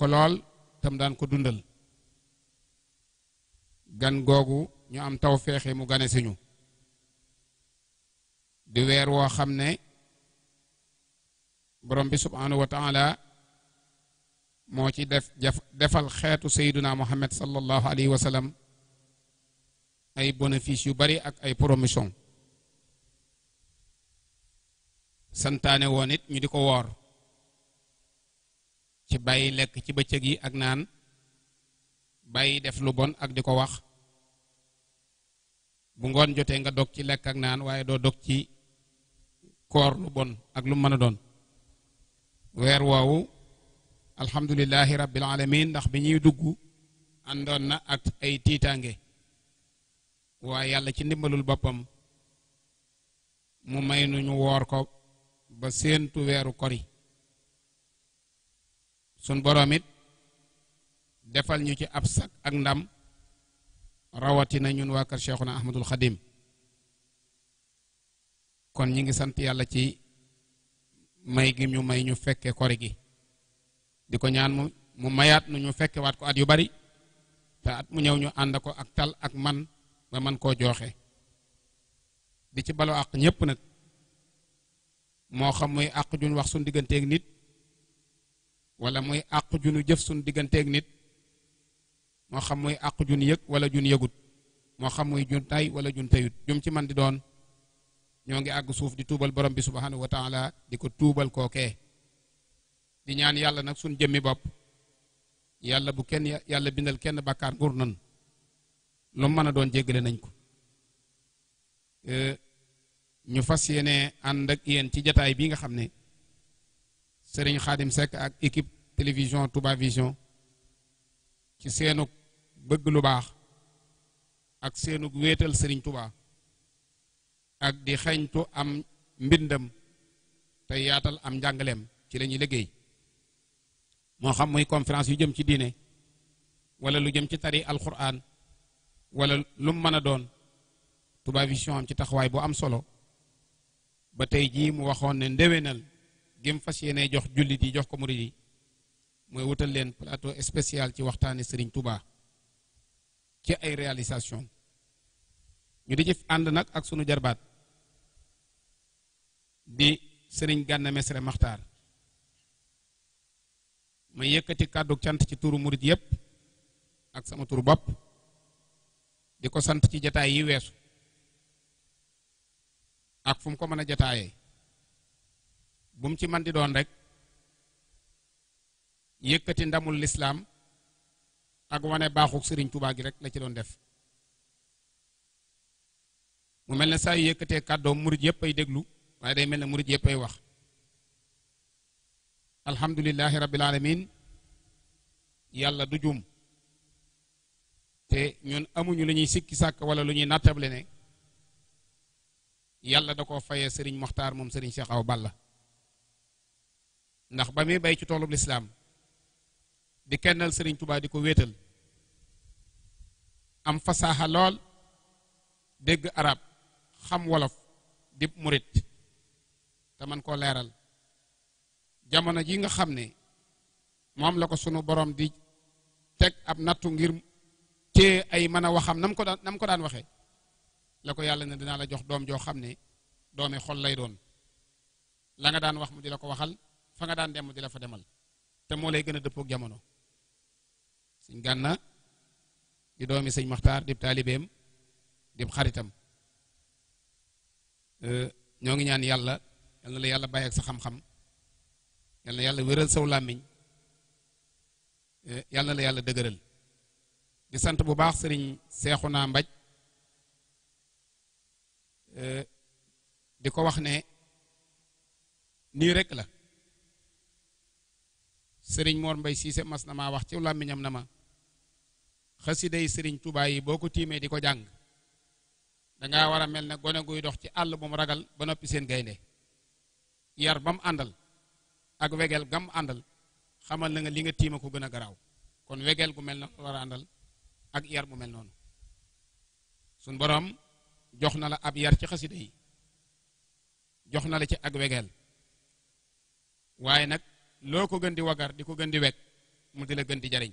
ko lool tam daan ko dundal gan googu ñu am taw feexe mu gane siñu di weer woo xam borom bi subhanahu wa taala moo ci def defal xeetu sayduna muhammad sallallahu alayhi wa sallam ay bénéfice yu bari ak ay promotion santane woon it ñu di ko ci bàyyi lekk ci bëccëg yi ak naan bàyyi def lu bon ak di ko wax bu ngoon jotee nga dog ci lekk ak naan waaye doo dog ci koor lu bon ak lu mën a doon weer woowu alhamdulilahi rabbil alamin ndax bi ñuy dugg àndoon na ak ay tiitaange waaye yàlla ci ndimbalul boppam mu may nu ñu woor ko ba seentu weeru kori sun borom it defal ñu ci ab sak ak ndam na ñun waa Cheikhuna Ahmadul Khadim. kon ñi ngi sant yalla ci may gi ñu may ñu fekke kori gi di ñaan mu mu mayat nu ñu fekke wat ko at yu bari ta at mu ñew ñu andako ak tal ak man ba man ko joxe di ci balo nyepunet, ñepp nak mo xam muy ak juñ wax ak nit wala muy àq junu jëf suñ digganteeg nit moo xam muy àqu jun yëg wala jun yëgut moo xam muy juntaay tay wala jun tayut jum ci man di doon ñoo ngi àgg suuf di tuubal borom bi subhanahu wa taala di ko tuubal kookee di ñaan yàlla nag suñ jëmmi bopp yàlla bu kenn yàlla bindal kenn bàkkaar nguur nan lu mën a doon jéggale nañ ko ñu fas yéene ànd ak yéen ci jataay bii nga xam ne Serigne Khadim Seck ak équipe télévision Touba Vision ci senu bëgg lu baax ak senu wétal Serigne Touba ak di am mbindam te yaatal am njàngaleem ci lañuy liggéey xam muy conférence yu jëm ci diine wala lu jëm ci tari alquran wala lu a doon Touba Vision am ci am solo ba tey jii mu gem fasiyene jox julit yi jox ko murid yi mooy wutal leen plateau spécial ci waxtaane Serigne Touba ci ay réalisation ñu di ci ànd nag ak sunu jarbaat di Serigne Gana mesre Maxtaar ma yëkkati kàddu cant ci turu murid yépp ak sama turu bopp di ko sant ci jataay yi weesu ak fu mu ko mën a Bumci mandi ci man di doon rek yëkkati ndamul lislaam ak wane baaxuk sëriñ Tuubaa gi rek la ci doon def mu mel ne saa yu yëkkatee kàddoom murit yëpp ay déglu waaye day mel ne murit yëpp ay wax alhamdulilahi rabbil alamin yàlla du jum te ñun amuñu lu ñuy sikki sàkk wala lu ñuy nattable ne yàlla da koo fayee sëriñ Moxtaar moom sëriñ Cheikh aw Balla ndax ba muy bay ci toolub lislaam di kennal sëriñ tubaa di ko wéetal am fasaaxa lool dégg arab xam wolof dib murit te man koo leeral jamono ji nga xam ne moom la ko sunu borom di teg ab nattu ngir téye ay mën a waxam nam ko daan nam ko daan waxee la ko yàlla ne dinaa la jox doom joo xam ne doomi xol lay doon la nga daan wax mu di la ko waxal fa nga daan dem di la fa demal te moo lay gën a dëppook jamono sëñ gànna di doomi sëñ maxtaar dib taalibeem dib xaritam ñoo ngi ñaan yàlla yal yàlla bàyyi ak sa xam-xam yal yàlla wéral sëw làmmiñ e, yal la yàlla dëgëral di sant bu baax sëriñ naa Mbaj e, di ko wax ne nii rek la sëriñ Mor Mbay Siise mas na maa wax ci làmmiñam na ma xasida yi sëriñ tubaay yi boo ko tiimee di ko jàng dangaa war a mel ne gone guy dox ci àll bu mu ragal ba noppi seen gaynde yar ba mu àndal ak wegel gam àndal xamal na li nga tiima ko gën a garaaw kon wegel gu mel na war a àndal ak yar bu mel noonu suñ boroom jox na la ab yar ci xasida yi jox na la ci ak wegel waaye nag loo ko gën di wagar di ko gën di wekk mu di la gën di jariñ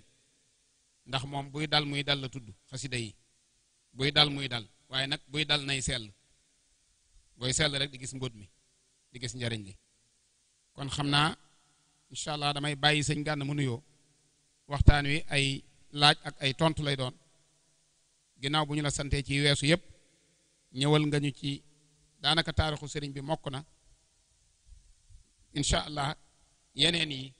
ndax moom buy dal muy dal la tudd xasida yi buy dal muy dal waaye nag buy dal nay sell booy sell rek di gis mbóot mi di gis njariñ li kon xam naa incha allah damay bàyyi sëñ gànn mu nuyoo waxtaan wi ay laaj ak ay tontu lay doon ginnaaw bu ñu la santee ci weesu yépp ñëwal nga ñu ci daanaka taarixu sëriñ bi mokk na incha allah yeneen yi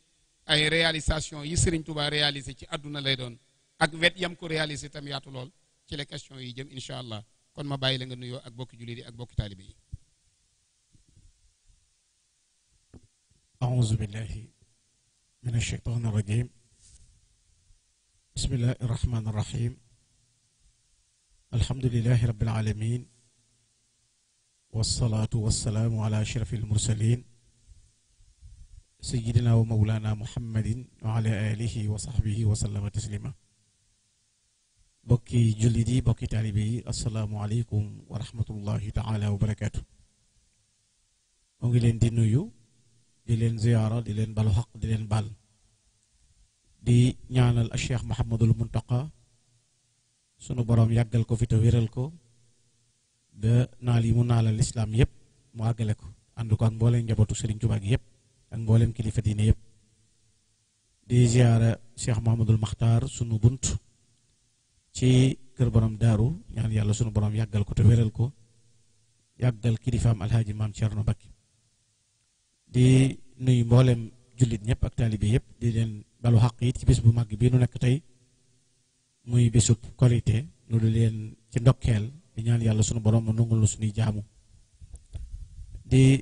ay réalisation yi Serigne Touba réalisé ci aduna lay doon ak wet yam ko réalisé tam yaatu lool ci les questions yi jëm incha allah kon ma bàyyi la nga nuyoo ak bokki jullit yi ak bokki taalibe yi أعوذ بالله من الشيطان الرجيم بسم الله الرحمن الرحيم الحمد لله رب العالمين والصلاة والسلام على أشرف المرسلين سيدنا ومولانا محمد وعلى آله وصحبه وسلم تسليما بكي جلدي بكي تاليبي السلام عليكم ورحمة الله تعالى وبركاته مغلين دينيو دلين زيارة دلين بالو حق دلين بال دي نعنى الأشيخ محمد المنتقى سنو برام يقل كو في تويرل كو ده نالي منال الإسلام يب مواغلكو عندو كان بولين جبوتو سرين جباك يب ak mbolem kilifa dine di ziyaara Cheikh Mahamadul makhtar sunu bunt ci keur borom yang ñaan yalla sunu borom yagal ko te wéral ko kilifa am alhaji mam cherno bakki di nuy mbolem julit ñep ak taalibe di len balu xaq ci bis bu mag bi nu nek tay muy bisub qualité nu di yang ci ndokkel di ñaan yalla sunu borom mu nungul jaamu di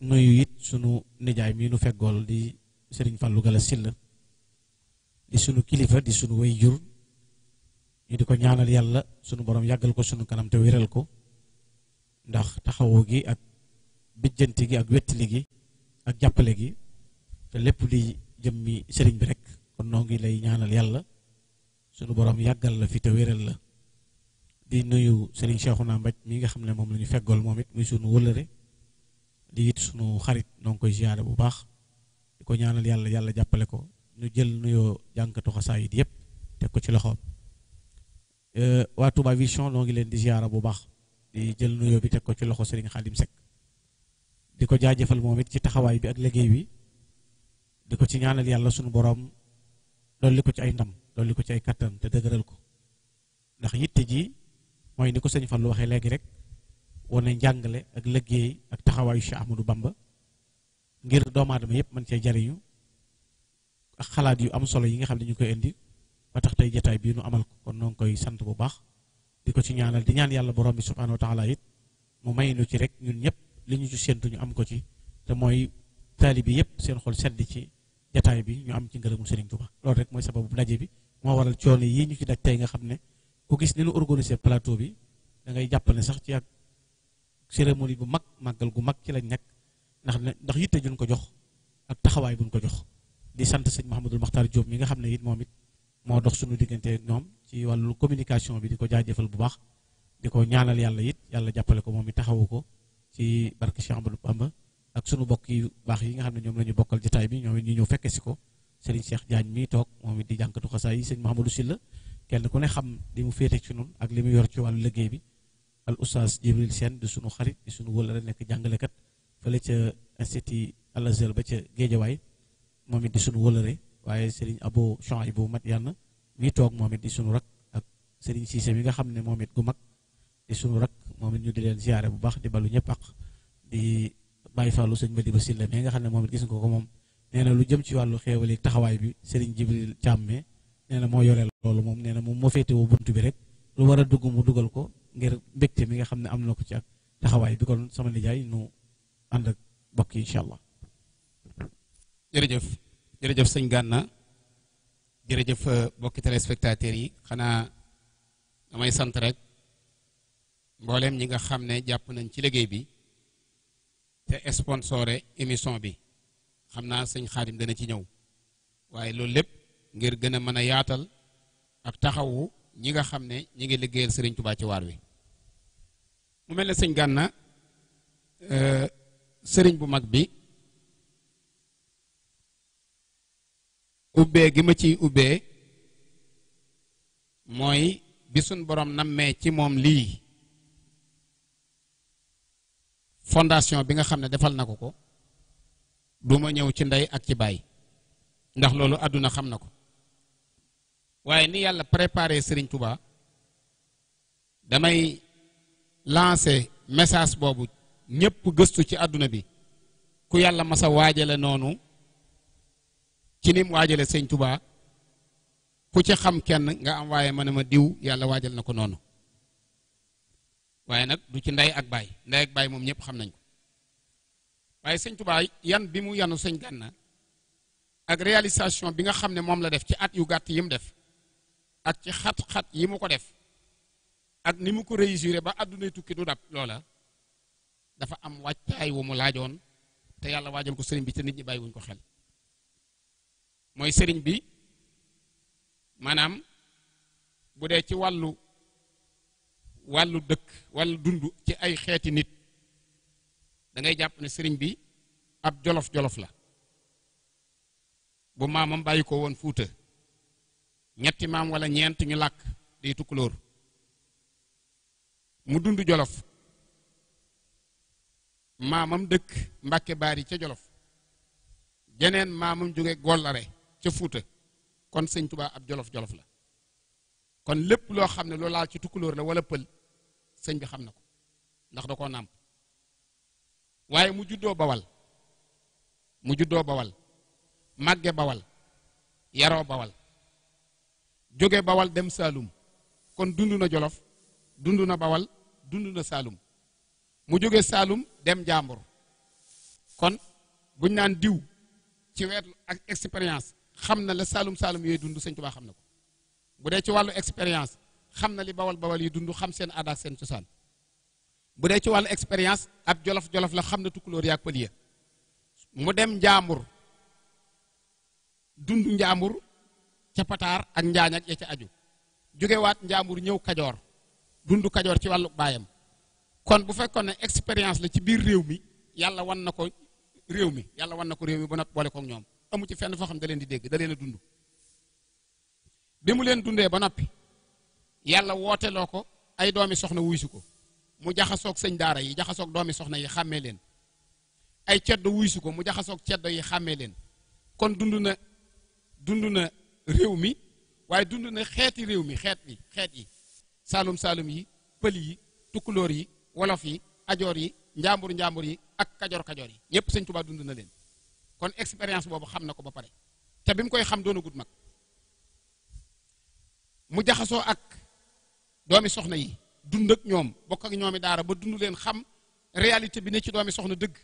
nuyu it sunu nijaay mii nu feggool di sëriñ Fallou Gala Sylla di sunu kilifa di sunu way jur ñu di ko ñaanal yàlla sunu borom yàggal ko sunu kanam te ko ndax taxawoo gi ak bijjanti ak wettili gi ak jàppale gi te lépp di jëmmi sëriñ bi rek kon noo ngi lay ñaanal yàlla sunu borom yàggal la fi te wéral la di nuyu sëriñ Cheikhouna Mbaj mi nga xam ne moom la ñu feggool moom it muy sunu wëlëre di it sunu xarit noo koy ziyaare bu baax di ko ñaanal yàlla yàlla jàppale ko ñu jël nuyoo jànkatu xasaayid yëpp teg ko ci loxoom euh, waa Touba Vision noo ngi leen di ziyaare bu baax di jël nuyoo bi teg ko ci loxo Serigne Khadim Seck di ko jaajëfal moom it ci taxawaay bi ak liggéey bi di ko ci ñaanal yàlla sunu boroom dolli ko ci ay ndam dolli ko ci ay kattan te dëgëral ko ndax yitte ji mooy ni ko sëñ Fallou waxee léegi rek. wane njàngale ak liggéey ak taxawaayu Cheikh Ahmadou Bamba ngir doomu aadama yëpp mën cee jariñu ak xalaat yu am solo yi nga xam ne ñu koy indi ba tax tey jataay bii nu amal ko kon noo koy sant bu baax di ko ci ñaanal di ñaan yàlla borom bi subhaanahu wa taala it mu may nu ci rek ñun ñëpp li ñu ci séntu ñu am ko ci te mooy bi yëpp seen xol sedd ci jataay bi ñu am ci ngërëmu Serigne Touba loolu rek mooy sababu daje bi moo waral coono yi ñu ci daj tey nga xam ne ku gis ni ñu organiser plateau bi da jàpp ne sax ci cérémonie bu mag màggal gu mag ci lañ nekk ndax ndax yitte juñ ko jox ak taxawaay buñ ko jox di sant sëñ Mouhamadul Makhtar Diop mi nga xam ne it moom it moo dox suñu diggante ak ñoom ci wàllu communication bi di ko jaajëfal bu baax di ko ñaanal yàlla it yàlla jàppale ko moom it taxawu ko ci barke Cheikh Amadou Bamba ak sunu mbokk yu baax yi nga xam ne ñoom la ñu bokkal jotaay bi ñoom it ñu ñëw fekke si ko Serigne Cheikh Diagne mi toog moom it di jànkatu xasaay yi sëñ Mouhamadou Sylla kenn ku ne xam li mu féete ci ñun ak li mu yor ci wàllu liggéey bi al oustaz Jibril Sène di sunu xarit di sunu wëlëre nekk jàngalekat fële ca institut Al Azhar ba ca Géejawaay moom it di sunu wëlëre waaye sëriñ Abo Chouaïb bu mat yàlla mi toog moom it di sunu rak ak Serigne Cissé mi nga xam ne moom it gu mag di rak moom ñu di leen ziare bu baax di balu ñëpp ak di bàyyi faalu sëñ Madiba Silla mais nga xam ne moom gis nga ko moom nee lu jëm ci wàllu xéewal ak taxawaay bi Serigne Jibril Thiam nee na moo yore loolu moom nee na moom moo féetewoo bunt bi rek lu ngir mbégte mi nga xam ne am na ko ci ak taxawaay bi kon sama nijaay nu ànd ak bokk yi incha allah. jërëjëf jërëjëf sëñ Gànna jërëjëf bokki téléspectateurs yi xanaa damay sant rek mbooleem ñi nga xam ne jàpp nañ ci liggéey bi te sponsoré émission bi xam naa sëñ Xaadim dana ci ñëw waaye loolu lépp ngir gën a mën a yaatal ak taxawu ñi nga xam ne ñi ngi liggéeyal Sëriñ Tuubaa ci waar wi mu mel ne sëñ gànna euh, sëriñ bu mag bi ubbee gi ma ciy ubbee mooy bi suñ boroom nammee ci moom lii fondation bi nga xam ne defal na ko ko du ma ñëw ci ndey ak ci baay ndax loolu àdduna xam na ko waaye ni yàlla préparé sëriñ Touba damay lancé message boobu ñëpp gëstu ci àdduna bi ku yàlla masa waajale noonu ci nim waajale sëñ Tuubaa ku ci xam kenn nga am waaye ma ne ma diw yàlla waajal na ko noonu waaye nag du ci ndey ak baay ndey ak baay moom ñëpp xam nañ ko waaye sëñ Tuubaa yan bi mu yanu sëñ Gànna ak réalisation bi nga xam ne moom la def ci at yu gàtt yi mu def ak ci xat-xat yi mu ko def ak ni mu ko réussiré ba aduna tukki du dab lola dafa am waccay wu mu laajoon te yalla wajjal ko serigne bi te nit ñi bayiwuñ ko xel moy serigne bi manam bu dee ci walu walu dekk wàllu dundu ci ay xeeti nit da ngay japp ne serigne bi ab jolof-jolof la bu mamam bayiko won fouta ñetti mam wala ñent ñu lak tu tukulor mu dund jolof maamam dëkk mbàkke baari ca jolof jeneen maamam jóge gollare ca fuuta kon sëñ tubaa ab jolof-jolof la kon lépp loo xam ne loo laal ci tukkulóor la wala pël sëñ bi xam na ko ndax da koo nàmp waaye mu juddoo bawal mu juddoo bawal màgge bawal yaroo bawal jóge bawal dem saalum kon dund na jolof dund na bawal dund na Saalum mu jóge Saalum dem jàmbur kon buñ naan diw ci weetu ak expérience xam na la Saalum Saalum yooyu dund Sëñ Tuubaa xam na ko bu dee ci wàllu expérience xam na li bawal bawal yi dund xam seen aada seen cosaan bu dee ci wàllu expérience ab jolof jolof la xam na tukkulóor yaak pël ya mu dem njàmbur dund njàmbur ca pataar ak njaañ ak ya ca aju jógewaat njàmbur ñëw kajoor dundu kajoor ci wàllu baayam kon bu fekkoon ne expérience la ci biir réew mi yàlla wan na ko réew mi yàlla wan na ko réew mi ba noppi boole kook ñoom amu ci fenn foo xam da leen di dégg da leen a dund bi mu leen dundee ba noppi yàlla wooteeloo ko ay doomi soxna wuysu ko mu jaxasoog sëñ daara yi jaxasoog doomi soxna yi xàmmee leen ay ceddo wuysu ko mu jaxasoog ceddo yi xàmmee leen kon dund na dund na réew mi waaye dund na xeeti réew mi xeet yi xeet yi saalum-saalum yi pël yi tukkulóor yi wolof yi ajoor yi njaambur njaambur yi ak kajoor kajoor yi ñëpp sëñ Tuubaa dund na leen kon expérience boobu xam na ko ba pare te bi mu koy xam doona gut mag mu jaxasoo ak doomi soxna yi dund ak ñoom bokk ak ñoomi daara ba dund leen xam réalité bi ne ci doomi soxna dëgg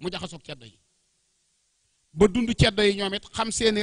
mu jaxasoog ceddo yi ba dund ceddo yi ñoomit xam seeni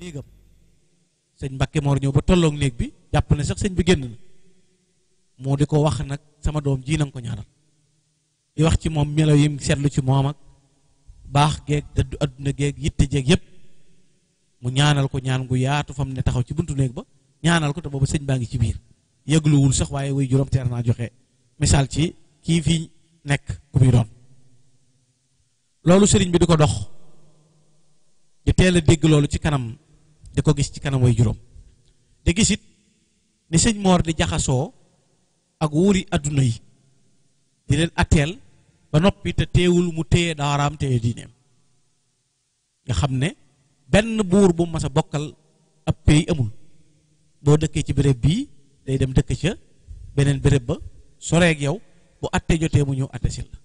néegam señ mbacke mor ñëw ba tolok neeg bi japp ne sax señ bi genn mo diko wax nak sama doom ji nang ko ñaanal di wax ci mom melaw yim setlu ci mom ak bax geek deud aduna geek yitte jeek yépp mu ñaanal ko ñaan gu yaatu fam ne taxaw ci buntu neeg ba ñaanal ko te bobu señ baangi ci biir wul sax waye way juroom terna joxe misal ci ki fi nek ku bi doon lolu bi diko dox di deg lolu ci kanam di ko gis ci kanam juróom di gis it ni sëñ di jaxasoo ak wuuri àdduna yi di leen atteel ba noppi te teewul mu téye daaraam téye diineem nga xam ne benn buur bu mas a bokkal ab pays amul boo dëkkee ci béréb bii day dem dëkk ca beneen bërëb ba soreeg yow bu atte jotee mu ñëw atte si la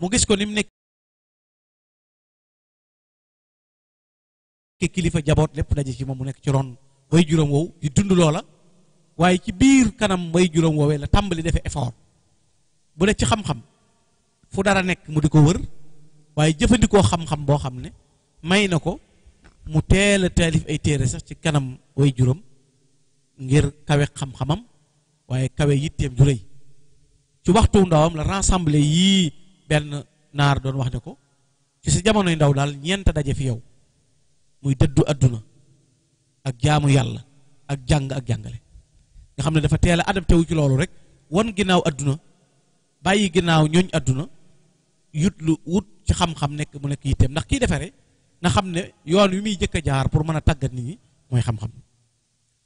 mu gis ko ni mu nekk ki kilifa jaboot lépp daje ci moom mu nekk ci ron way juróom woowu di dund loola waaye ci biir kanam way juróom woowee la tàmbali defee effort bu dee ci xam-xam fu dara nekk mu di ko wër waaye jëfandikoo xam-xam boo xam ne may na ko mu teel a taalif ay téere sax ci kanam way juróom ngir kawe xam-xamam waaye kawe yitteem ju rëy ci waxtu ndawam la rassemblé yii benn naar doon wax ne ko ci sa jamonoy ndaw daal ñeent daje fi yow muy dëddu adduna ak jaamu yàlla ak jàng ak jàngale nga xam ne dafa teel a adapté wu ci loolu rek wan ginnaaw adduna bàyyi ginnaaw ñooñ adduna yut lu wut ci xam-xam nekk mu nekk yitteem ndax kii defaree na xam ne yoon wi muy jëkk a jaar pour mën a tàggat nit ñi mooy xam-xam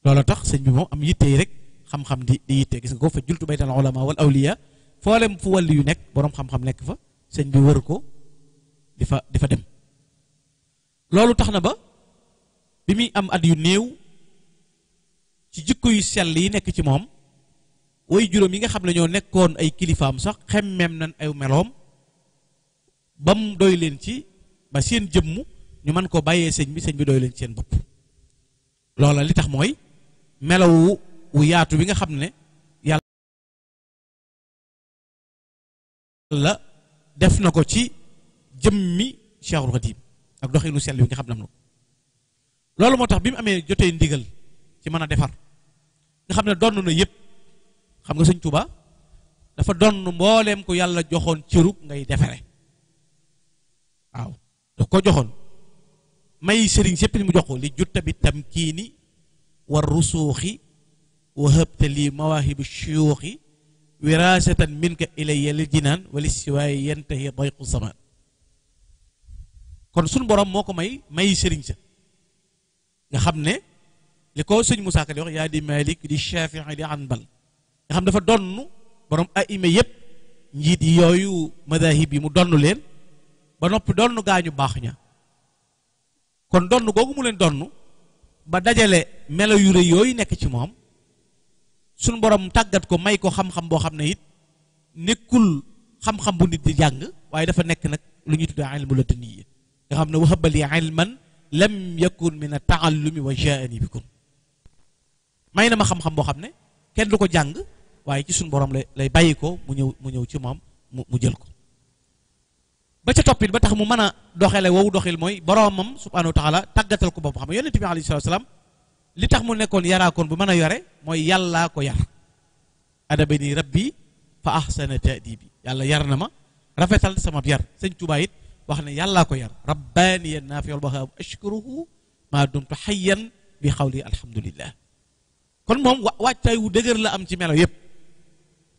loolu tax sëñ bi moom am yitte yi rek xam-xam di di yitte gis nga ko fa jultu baytal ulama wal awliya foolem fu wàlli yu nekk boroom xam-xam nekk fa sëñ bi wër ko di fa di fa dem bi muy am at yu néew ci jikko yu sell yi nekk ci moom way juróom yi nga xam ne ñoo nekkoon ay kilifaam sax xemmeem na ay meloom ba doy leen ci ba seen jëmm ñu mën koo bàyyee sëñ bi sëñ bi doy leen ci seen bopp loola li tax mooy melawu wu yaatu bi nga xam ne yàlla def na ko ci jëmmi Cheikhul Khadim ak doxinu sell bi nga xam ne am na ko loolu moo tax bi mu amee jotee ndigal ci mën a defar nga xam ne donn na yëpp xam nga sëñ Tuuba dafa donn mbooleem ko yàlla joxoon cirug ngay defare waaw daf ko joxoon may sëriñ sépp ni mu jox ko li jutta bi tamkiini war rusuuxi wa hëbta lii mawaahibu shuyuuxi wiraasatan minka ilayya lil jinaan wali siwaay yantahi dayqu sama kon suñ borom moo ko may may sëriñ sa nga xam ne li ko sëñ Moussa Ka di wax yaa di Malik di Shafii di Anbal nga xam dafa donn borom aima yëpp njiit yi yooyu madahib yi mu donn leen ba noppi donn gaañu baax ña kon donn googu mu leen donn ba dajale melo yu rëy yooyu nekk ci moom sun borom tàggat ko may ko xam-xam boo xam ne it nekkul xam-xam bu nit di jàng waaye dafa nekk nag lu ñuy tuddee ilmu ladunniyi nga xam ne wahabali ilman lam yakun min a taallumi wa jaani bikum may na ma xam-xam boo xam ne kenn du ko jàng waaye ci suñ boroom lay lay bàyyi ko mu ñëw mu ñëw ci moom mu jël ko ba ca toppit ba tax mu mën a doxele wow doxil mooy boromam subhanahu wa taala tàggatal ko boppam xam ne yonent bi alayhi salaatu salaam li tax mu nekkoon yaraakoon bu mën a yore mooy yàllaa ko yar adabani rabbi fa ahsana taadibi yàlla yar na ma rafetal sama yar sëñ Tuubaa wax ne yàllaa ko yar rabbaaniya naafiyol waxaabu ashkuruhu maa dumtu xayyan bi xawli alhamdulillah kon moom wa waajtaay wu dëgër la am ci melo yépp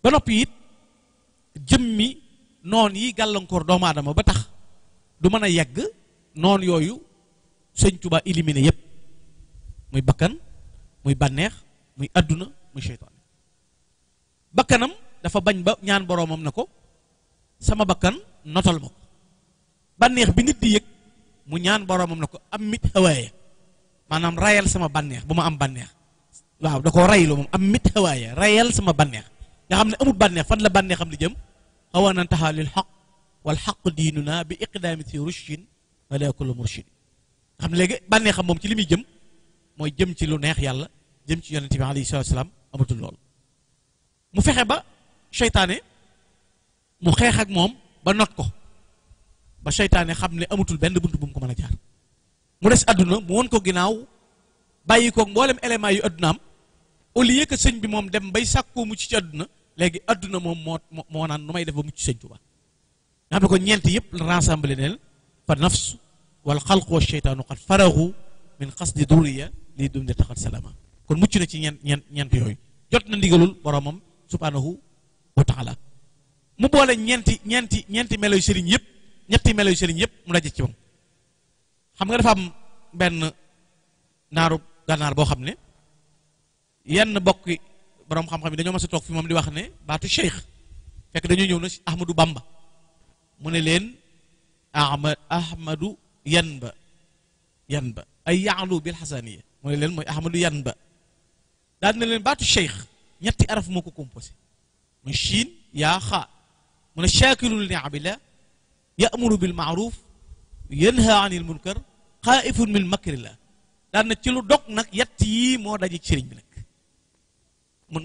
ba noppi it jëmmi noon yi gàllankoor doomu aadama ba tax du mën a yegg noon yooyu sëñ Tuubaa éliminé yépp muy bakkan muy bànneex muy àdduna muy seytaane bakkanam dafa bañ ba ñaan boroomam na ko sama bakkan notal ma ko bànneex bi nit di yëg mu ñaan boromam na ko am mit hawaaya maanaam rayal sama bànneex bu ma am bànneex waaw da koo raylu moom am mit hawaaya rayal sama bànneex nga xam ne amul bànneex fan la bànneexam lu jëm xawa nan taxa lil xaq wal xaq diinu naa bi iqdaami si rushin wala kullu xam ne léegi bànneexam moom ci li muy jëm mooy jëm ci lu neex yàlla jëm ci yonente bi alayhi salatu salaam amatul lool mu fexe ba seytaane mu xeex ak moom ba not ko ba seytaane xam ne amatul benn bunt bu mu ko mën a jaar mu des àdduna mu won ko ginnaaw bàyyi koog mboolem éléments yu àddunaam au lieu que sëñ bi moom dem bay sàkkoo mucc ci àdduna léegi àdduna moom moo moo naan nu may def ba mucc sëñ Tuubaa nga xam ne ko ñeent yëpp la rassemblé neel fa nafs wal xalq wa seytaanu xat faraxu min xas di duriya lii dum de taxat salama kon mucc na ci ñeent ñeent ñeent yooyu jot na ndigalul boromam subhanahu wa taala mu boole ñeenti ñeenti ñeenti melo yu yëpp ñetti melo yu sëriñ yëpp mu daje ci moom xam nga dafa am benn naaru gànnaar boo xam ne yenn bokki boroom xam-xam yi dañoo mas a toog fi moom di wax ne baatu cheikh fekk dañoo ñëw na Ahmadou Bamba mu ne leen ama Ahmadou yan ba yan ba ay yaalu bil xasaniya mu ne leen mooy Ahmadou yan ba daal ne leen baatu cheikh ñetti araf moo ko composé muy chiin yaa xaa mu ne chaakilul niamila yamuru bil maaruf yanha anil munkar xaaifun min la daan na ci lu dog nag yett yii moo daje sëriñ bi nag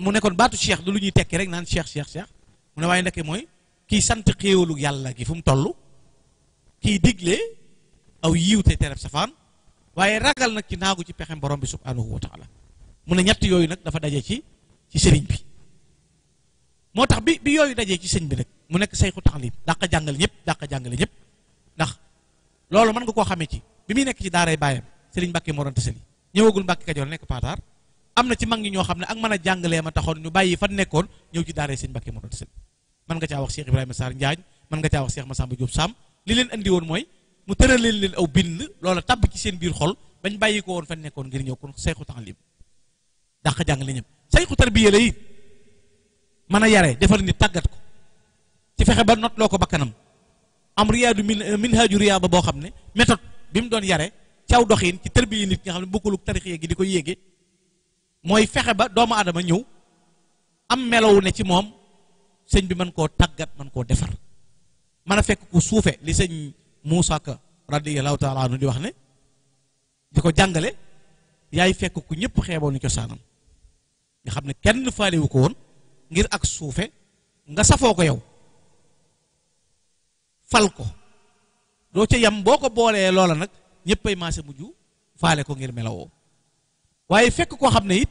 mu nekkoon baatu cheikh du lu ñuy tekki rek naan cheikh cheikh cheikh mu ne waaye ndekke mooy kiy sant xéewalu yàlla gi fu mu toll kiy digle aw yiw te tereb safaan waaye ragal nag ci naagu ci pexem borom bi subhanahu wa taala mu ne ñett yooyu nag dafa daje ci ci sëriñ bi moo tax bi bi yooyu dajee ci sëñ bi nag mu nek sayxu taxlim dàq jangal ñep dàq jangal ñep ndax loolu man nga ko xamé ci bi mi nek ci daaray bayam Serigne Mbacke Mor Anta Sali ñëwagul Mbacke Kajoor nek Patar amna ci mag ñi ñoo xam ak mën a ma taxon ñu bayyi fa nekkon ñew ci daaray Serigne Mbacke mo man nga wax Cheikh Ibrahima sar man nga wax Cheikh Massamba Diop Sam li leen andi won moy mu tëraleen leen aw bind loola tab ci seen biir xol bañ bayyi ko won fan nekkon ngir ñew kon sayxu taxlim dàq jàngale ñep mana yare defal ni tagat ko ci fexe ba not loo ko bakkanam am riyaadu min euh, minhaaju riyaada boo xam ne méthode bi mu doon yare caaw doxin ci tërbiya nit nga xam ne bokkuluk tarixee gi di ko yéege mooy fexe ba doomu aadama ñëw am melow ne ci moom sëñ bi mën koo tàggat mën koo defar mën a fekk ku suufe li sëñ Muusa Ka radiyallahu taala di wax ne di ko jàngale yaay fekk ku ñëpp xeeboon ni cosaanam nga xam ne kenn faalewu ko woon ngir ak suufe nga safoo ko yow fal ko doo ca yam boo ko boolee loola nag ñëppay maase mujj faale ko ngir melawoo waaye fekk koo xam ne it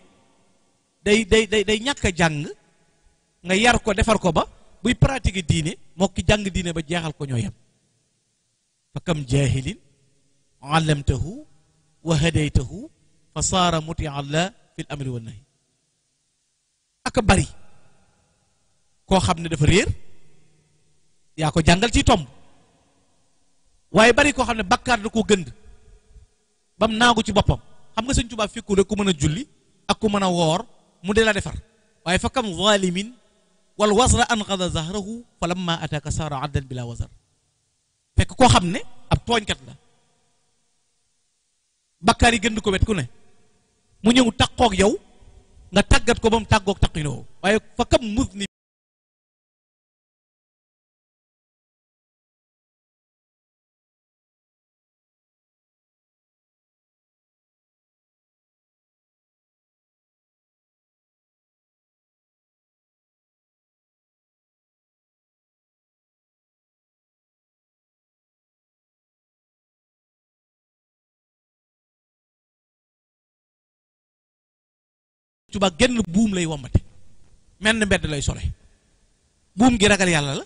day day day day ñàkk jàng nga yar ko defar ko ba buy pratiquer diine moo ki jàng diine ba jeexal ko ñoo yam fa kam jaahilin allamtahu wa hadaytahu fa saara mutian la fi l amri aka bari koo xam ne dafa réer yaa ko jàngal ci tomb waaye bari koo xam ne bakkaar da koo gënd bam naagu ci boppam xam nga sëñ Tuubaa fekku rek ku mën a julli ak ku mën a woor mu dee la defar waaye fa kam zalimin wal wasra anqada zahrahu fa lamma ataka sara addan bila wasar fekk koo xam ne ab tooñkat la bakkaar yi gënd ko wet ku ne mu ñëw taqoog yow nga tàggat ko ba mu tàggoog taqinoo waaye fa kam muzni Tuubaa genn buum lay wombate menn mbedd lay sole buum gi ragal yàlla la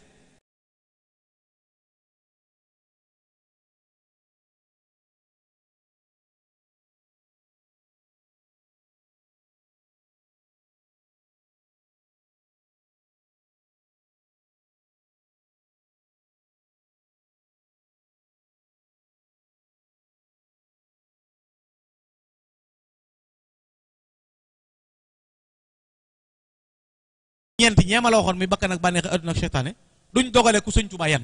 ñent ñeema la waxoon muy bakkan ak banex aduna ak seytaane duñ dogale ku sëñ Tuubaa yan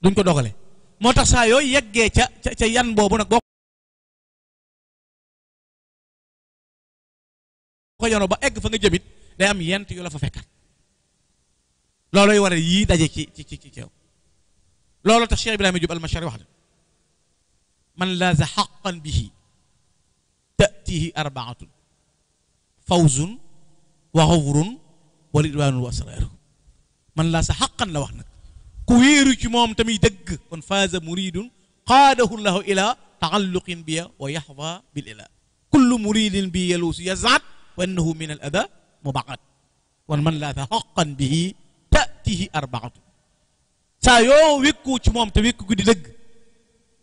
duñ ko dogale motax sa yoy yeggé ca ca yan bobu nak bok ko yono ba egg fa nga jëmit day am yent yu la fa fekkat loloy waré yi daje ci ci ci ceew lolo tax Cheikh ibrahim djub al mashari wahda man za haqqan bihi tatihi arbaatun fawzun وغفر ولدوان واسرار من لا سحقا لوحنا كوير كموم تمي دق كون فاز مريد قاده الله الى تعلق بي ويحظى بالاله كل مريد بي يلوس يزعت وانه من الاذى مبعد ومن لا حقا به تاتيه اربعه سايو ويكو تموم تويكو كدي دق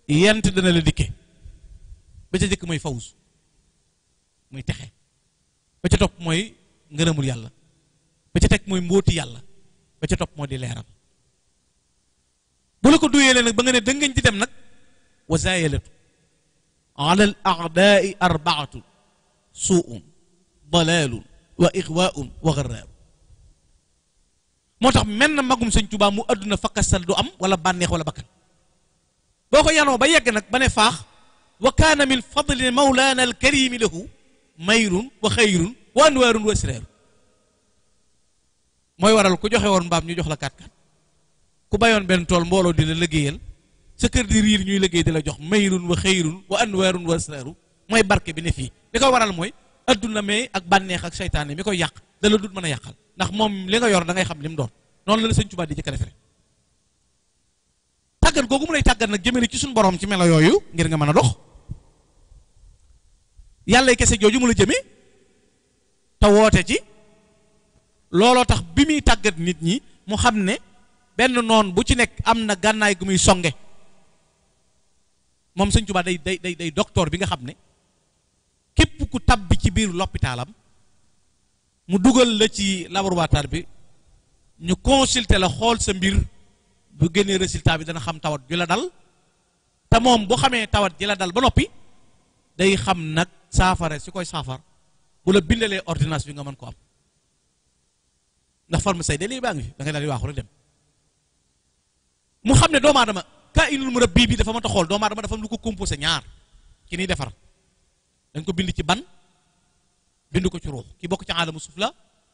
ينت دنا لديك بيتا ديك موي فوز موي تخي بيتا توك موي ngeureumul yàlla ba ca tek moy mbóoti yàlla ba ca top modi leral bu la ko duyeele nag ba nga ne ngeen ci dem nak wa zaayalatu ala al a'da'i arbaatu suun dalaalun wa ikhwa'un wa gharab motax men magum seigne touba mu aduna fakasal du am wala banex wala bakkan boko yano ba yegg nak bané fax wa kana min fadli al karim lahu mayrun wa khayrun wan weerun wasireeru moy waral ku joxe won mbam ñu jox la kat-kat ku bayon ben tol mbolo di la liggéeyal sa keur di rir ñuy liggey di la jox mayrun wa xëyrun wa anwarun wa barke bi ne fi li ko waral moy aduna me ak banex ak shaytan mi yakal, yak da la dut meuna yakal ndax mom li nga yor da ngay xam lim doon non la la sëñ Tuubaa di jëkk refere tagal gogum lay tagal nak jëmale ci sun borom ci melo yoyu ngir nga meuna dox yalla kese joju mu la jëmee te woote ji looloo tax bi muy tàggat nit ñi mu xam ne benn noon bu ci nekk am na gànnaay gu muy songe moom sëñ Tuubaa day day day day bi nga xam ne képp ku bi ci biir loppitaalam mu dugal la ci laboratoire bi ñu consulter la xool sa mbir bu génnee résultat bi dana xam tawat ju la dal te moom bu xamee tawat ji la dal ba noppi day xam nag saafara si koy saafar bu la bindalee ordonnance bi nga mën ko am ndax forme say de lii baa ngi fi da ngay daal di dem mu xam ne doomu aadama kaa inul mu rabbi bi dafa mën xool doomu aadama dafa lu ko composé ñaar ki niy defar dañ ko bind ci ban bind ko ci ruux ki bokk ci aalamu suuf la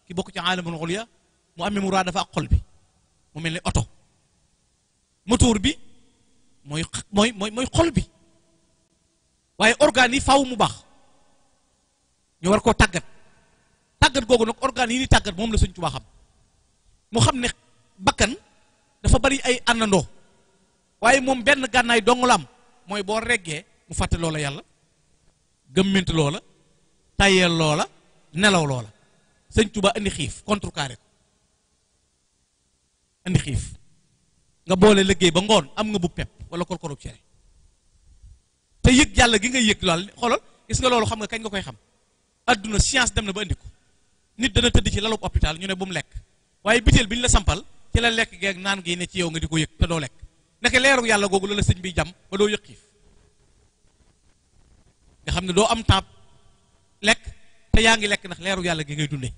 ki bokk ci aalamu ulya mu amee muraad dafa ak xol bi mu mel ni oto motoor bi mooy mooy mooy xol bi waaye organes yi faw mu baax ñu war koo tàggat tàggat googu nag organ yi ni tàggat moom la Sëñ Tuubaa xam mu xam ne bakkan dafa bari ay àndandoo waaye moom benn gànnaay dong la am mooy boo reggee mu fàtte loola yàlla gëmmint loola tayeel loola nelaw loola Sëñ Tuubaa indi xiif contrecarré ko indi xiif nga boole liggéey ba ngoon am nga bu pepp wala korkorub cere te yëg yàlla gi nga yëg laal xoolal gis nga loolu xam nga kañ nga koy xam aduna science dem na ba andi nit dana tëdd ci lalub hôpital ñu ne bu mu lekk waaye biteel la sampal ci la lek geek naan gi ne ci yow nga diko yek te do lek naka leeru yalla gogu la la bi jam ba do yëg nga xamne do am tap lek te yaangi lek nak leeru yalla gi ngay dundé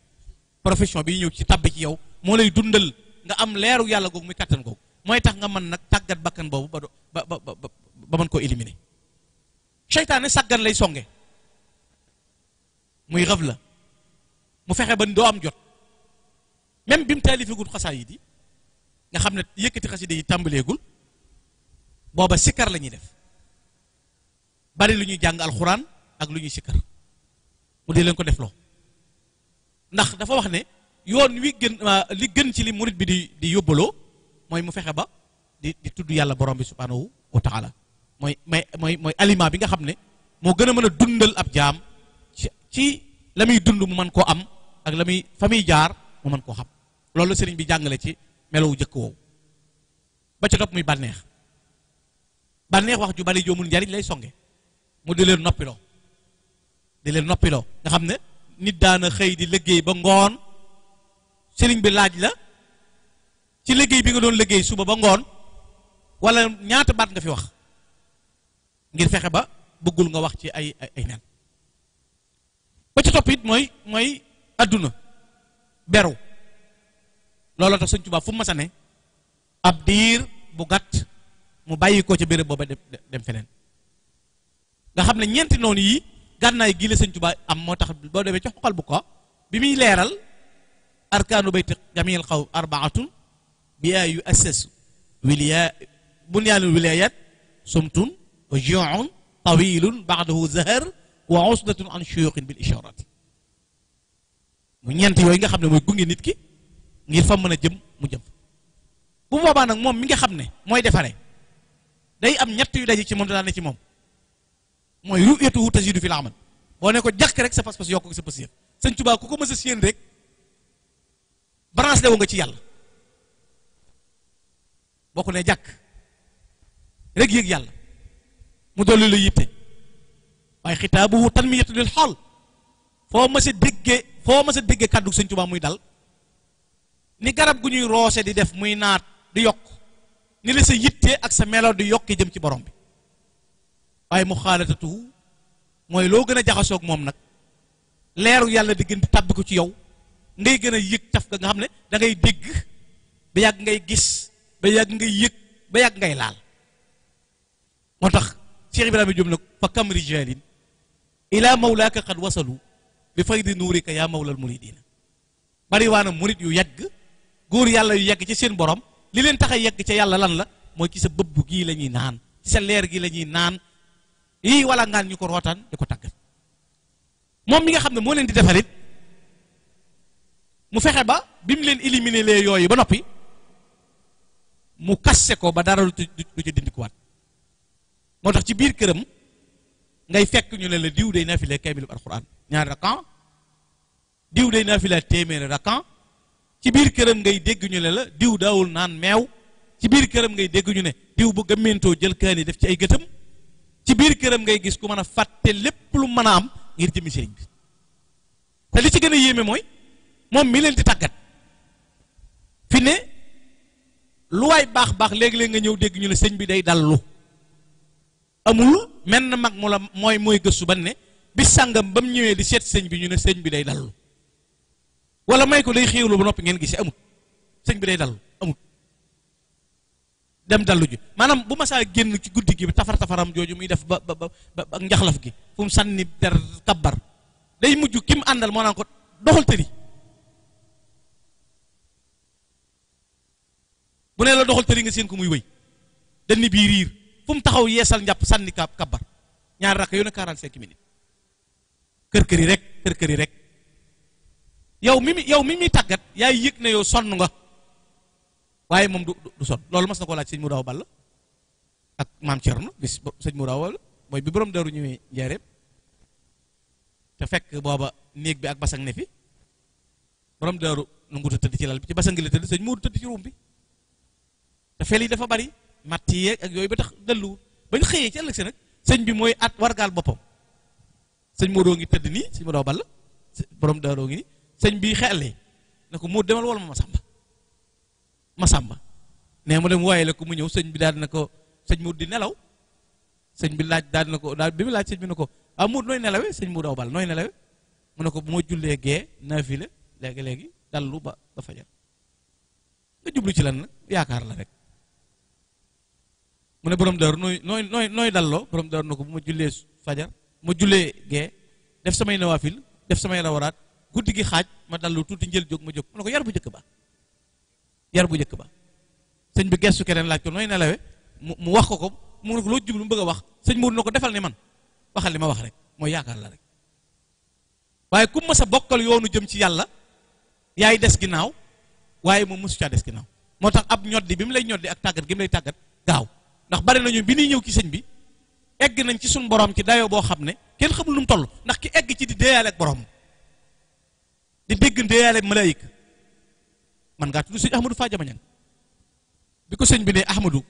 profession bi ñew ci tabbi ci yow mo lay dundal nga am leeru yalla gogu muy katan gogu moy tax nga man nak tagat bakkan bobu ba ba ba ba man ko éliminer shaytané sàggan lay songe muy rëb la mu fexe ba doo am jot même bi mu taalifagul xasaayid yi di nga xam ne yëkkati xasida yi tàmbaleegul booba sikar la ñuy def bari lu ñuy jàng alxuraan ak lu ñuy sikkar mu dee leen ko def loo ndax dafa wax ne yoon wi gën euh, li gën ci li murit bi di di yóbbaloo mooy mu fexe ba di di tudd yàlla borom bi subhaanahu wa taala mooy mooy mooy aliment bi nga xam ne moo gën a mën a dundal ab jaam ci lamuy muy dund mu man ko am ak lamuy muy jaar mu man ko xam loolu sëriñ bi jàngale ci melow jëkk woowu ba ca topp muy bànneex bànneex wax ju bari joomul njariñ lay songe mu di leen noppiloo di leen noppiloo nga xam ne nit daana xëy di liggéey ba ngoon sëriñ bi laaj la ci liggéey bi nga doon liggéey suba ba ngoon wala ñaata baat nga fi wax ngir fexe ba bëggul nga wax ci ay ay nen ba ci topp it mooy mooy àdduna beru looloo tax sëñ Tuubaa fu mu mas a ab diir bu gàtt mu bàyyi ko ca béréb booba dem feneen nga xam ne ñeenti noonu yi gànnaay naa la sëñ Tuubaa am moo tax boo demee ci xoqal bu ko bi muy leeral arkaanu bayti jamil xaw arbaatun biyaa yu assasu wiliya bunyaanul wilayat sumtun wa juun tawilun baxdahu zahar wa usdatun an shuyuqin bil isharat mu ñeent yooyu nga xam ne mooy gunge nit ki ngir fa mën a jëm mu jëm bu boobaa nag moom mi nga xam ne mooy defare day am ñett yu daje ci moom dana ci moom mooy ru'yatu tazidu fil amal boo ne ko jàkk rek sa pas-pas yokk sa pas yéen sëñ Tuubaa ku ko mës a séen rek branche lewu nga ci yàlla boo ko ne jàkk rek yéeg yàlla mu dolli la yitte waaye xitaabuhu tanmiyatu lil xool foo ma sa déggee foo ma sa kàddu sëñ Tuubaa muy dal ni garab gu ñuy roose di def muy naat di yokk ni la sa yittee ak sa melo di yokki jëm ci borom bi waaye mu xaalatatuhu mooy loo gën a jaxasoog moom nag leeru yàlla di gën tàbbi ko ci yow ngay gën a yëg taf nga xam ne dangay dégg ba yàgg ngay gis ba yàgg ngay yëg ba yàgg ngay laal moo tax Cheikh Ibrahima Diop nag fa kam rijaalin ila maulaka qad wasalu bi nurika ya maula mawlal muridin bari wana murid yu yag gor yalla yu yag ci sen borom li len taxay yag ci yalla lan la moy ci sa bëbb gi lañuy ñuy naan ci sa leer gi lañuy ñuy naan yii wala ngaan ñuko rotan diko di mom mi nga xamne mo len di defalit mu fexé ba bim len éliminer les yoy ba nopi mu kasse ko ba dara lu ci dindikuwaat wat motax ci bir kërëm ngay fekk ñu ne la diw day naafila kaamilu alxuraan ñaari rakan diw day naafila téeméeri rakan ci biir këram ngay dégg ñu ne la diw daawul naan meew ci biir këram ngay dégg ñu ne diw bu gëmmentoo jël kaani def ci ay gëtam ci biir këram ngay gis ku mën a fàtte lépp lu mën a am ngir jëmi sëriñ bi te li ci gën a yéeme mooy moom mi leen di tàggat fi ne lu waay baax baax léegi-léeg nga ñëw dégg ñu ne sëñ bi day dallu amul men mag mo la moy moy gëstu ban ne bi sangam bam ñewé di sét señ bi ñu ne señ bi day dal wala may ko lay xewlu ba nopi ngeen gisi amut señ bi day dal amut dem dalu ju manam bu ma saa genn ci guddi gi tafar tafaram joju muy def ba ba ba ak njaxlaf gi fu mu sanni der kabar day muju kim andal mo nan ko doxal tëri bu ne la doxal tëri nga seen ko muy wëy dañ ni bi rir fum taxaw yeesal njàpp sànni ka kabar ñaar rakk yu ne 45 minutes kër kër yi rek kër kër yi rek yow mi yow mi yaay yëg ne yow sonn nga waaye moom du du sonn loolu mas na laaj sëñ Mourao Ball ak maam Thierno bis sëñ Mourao Ball mooy bi borom daru ñëwee njaareem te fekk booba néeg bi ak basang ne fi borom daru nu nguta tëdd ci lal bi ci basang li tëdd sëñ Mourou tëdd ci ruum bi te fel yi dafa bari matt yeeg ak yooyu ba tax dallu ba ñu xëyee ci ëllëg si nag sëñ bi mooy at wargaal boppam sëñ Modou ngi tëdd nii sëñ Modou Ball borom daaroo ngi nii sëñ bi xeelee na ko moo demal wala ma Masamba Masamba nee mu dem waaye la ko mu ñëw sëñ bi daal na ko sëñ Modou di nelaw sëñ bi laaj daal na ko daal bi mu laaj sëñ bi na ko ah Modou nooy nelawee sëñ Modou Ball nooy nelawee mu ne ko bu ma jullee gee naafi la léegi léegi dallu ba ba fajar nga jublu ci lan nag mu ne borom daaru nooy nooy nooy nooy dalloo borom daaru na ko bu ma jullee fajar ma julee gee def samay nawaafil def samay rawaraat guddi gi xaaj ma dallu tuuti njël jóg ma jóg mu ne ko yar bu jëkk ba bu njëkk ba sëñ bi gestu keneen laaj ko nooy nelawe mu wax ko ko mu ne ko loo jublu mu bëgg a wax sëñ muur na ko defal ne man waxal li ma wax rek mooy yaakaar la rek waaye ku ma sa bokkal yoonu jëm ci yàlla yaay des ginnaaw waaye moom mosu caa des ginnaaw moo tax ab ñoddi bi mu lay ñoddi ak tàggat gi mu tàggat gaaw ndax bari nañu bi ñuy ñëw ci sëñ bi egg nañ ci suñ borom ci dayoo boo xam ne kenn xamul lu mu toll ndax ki egg ci di deeyaale ak borom di dégg deeyaale ak malaayika man ngaa tudd sëñ Ahmadou Fadiama ko sëñ bi ne Ahmadou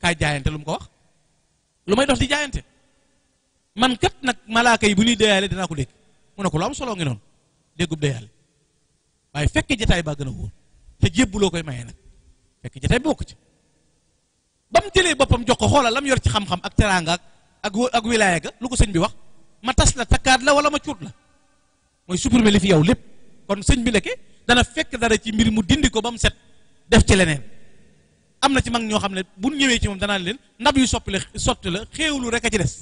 kaay jaayante lu ko wax lu may dox di jaayante man nag malaaka yi bu ñuy deeyaale dinaa ko dégg mu ne ko lu am soloo ngi noonu déggub deeyaale waaye fekk jataay baa gën a wóor te jébbuloo koy mayee nag fekk jataay bokk ci ba mu jëlee boppam jox ko xoolal la mu yor ci xam-xam ak teraanga ak ak ak wilaaya ga lu ko sëñ bi wax ma tas la takkaat la wala ma cuut la mooy supprimer li fi yow lépp kon sëñ bi nekke dana fekk dara ci mbir mu dindi ko ba mu set def ci leneen am na ci mag ñoo xam ne bu ñëwee ci moom danaa leen ndab yu soppi la sotti la xéewlu rek a ci des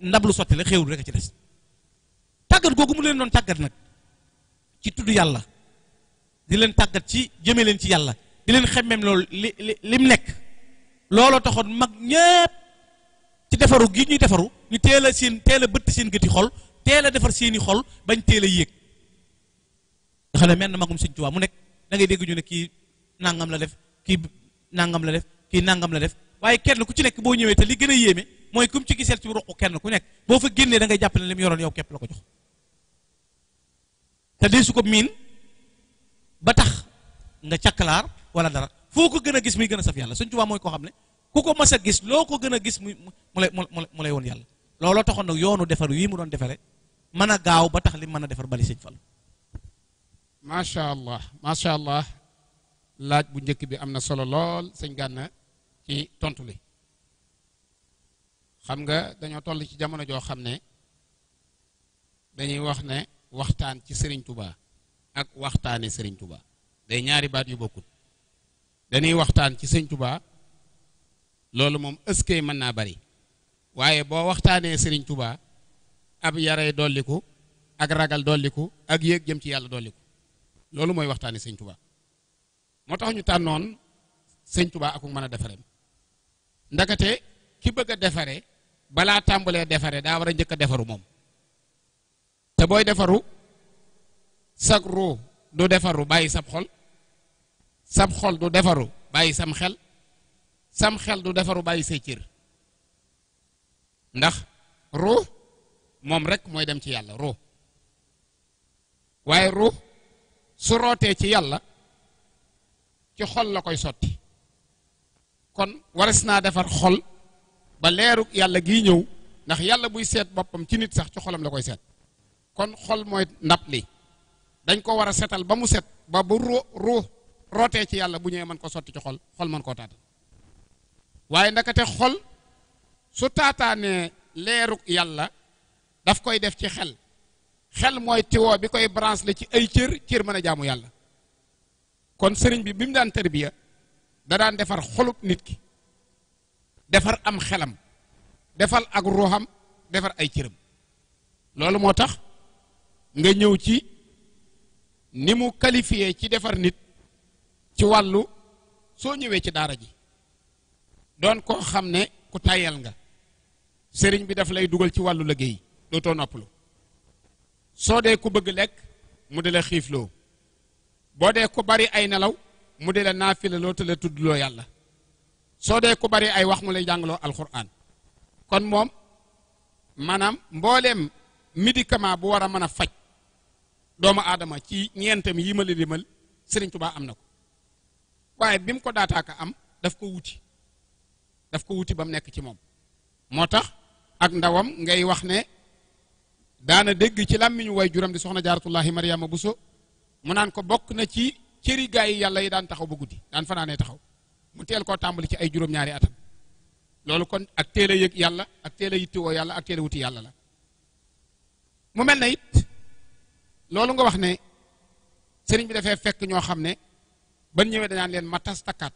ndab lu sotti la xéewlu rek a ci des tàggat googu mu leen doon tàggat nag ci tudd yàlla di leen tàggat ci jëme leen ci yàlla di leen xemmem loolu li li lim nekk looloo taxoon mag ñëpp ci defaru gi ñuy defaru ñu teel a seen teel a bëtt seen gëti xol teel a defar seeni xol bañ teel a yéeg nga xam ne mel na magum sëñ Tuubaa mu nekk da ngay dégg ñu ne kii nangam la def kii nangam la def kii nangam la def waaye kenn ku ci nekk boo ñëwee te li gën a yéeme mooy kum ci giseel ci ruq kenn ku nekk boo fa génnee da ngay jàpp ne li yoroon yow képp la ko jox te dee su ko miin ba tax nga càkkalaar wala dara foo ko gën a gis muy gën a saf yàlla Sëñ Tuubaa mooy koo xam ne ku ko masa a gis loo ko gën a gis mu lay mu lay woon yàlla looloo taxoon nag yoonu defar wii mu doon defare mën a gaaw ba tax li mën a defar bali Sëñ Fallu macha allah macha allah laaj bu njëkk bi am na solo lool sëñ Gànna ci tontu li xam nga dañoo toll ci jamono joo xam ne dañuy wax ne waxtaan ci Serigne Touba ak waxtaane Serigne tubaa day ñaari baat yu bokkut dañuy waxtaan ci sëñ loolu moom ëskey mën naa bari waaye boo waxtaanee sëriñ Touba ab yaree dolliku ak ragal dolliku ak yéeg jëm ci yàlla dolliku loolu mooy waxtaanee sëñ moo tax ñu tànnoon sëñ Touba ak mën a defareem ndakate ki bëgg a defare balaa tàmbalee defare daa war a njëkk a defaru moom te booy defaru sag ruu du defaru bàyyi sab xol sam xol du defaru bàyyi sam xel sam xel du defaru bàyyi say cër ndax ruux moom rek mooy dem ci yàlla ruux waaye ruux su rootee ci yàlla ci xol la koy sotti kon waris naa defar xol ba leeru yàlla gii ñëw ndax yàlla buy seet boppam ci nit sax ci xolam la koy seet kon xol mooy ndab li dañ ko war a setal ba mu set ba bu ruux roté ci yàlla bu ñëwé man ko sotti ci xol xol man ko tata waye ndakate xol su tata né léruk yàlla daf koy def ci xel xel moy tiwo bi koy branche la ci ay cër cër mëna jaamu yàlla kon sëriñ bi bimu daan tarbiya da daan defar xolub nit ki defar am xelam defal ak ruham defar ay cëram loolu moo tax nga ñëw ci ni mu qualifié ci defar nit ci wàllu soo ñëwee ci daara ji doon koo xam ne ku tayal nga sëriñ bi daf lay dugal ci wàllu liggéey dootoo noppalu soo dee ku bëgg lekk mu di la xiifloo boo dee ku bari ay nelaw mu di la naafila loo te la tuddloo yàlla soo dee ku bari ay wax mu lay jàngaloo alxuraan kon moom maanaam mbooleem médicament bu war a mën a faj doomu aadama ci ñeentam yi ma la limal baa am na ko waaye bi mu ko daataaka am daf ko wuti daf ko wuti ba mu nekk ci moom moo tax ak ndawam ngay wax ne daana dégg ci làmmiñu way juram di soxna jaaratullahi bu buso mu naan ko bokk na ci cëri gaa yi yàlla yi daan taxaw ba guddi daan fanaanee taxaw mu teel koo tàmbali ci ay juróom-ñaari atam loolu kon ak teel yëg yàlla ak teel a yittiwoo yàlla ak teel wuti yàlla la mu mel na it loolu nga wax ne sëriñ bi dafee fekk ñoo xam ne ban ñëwee dañaan leen ma tas takkaat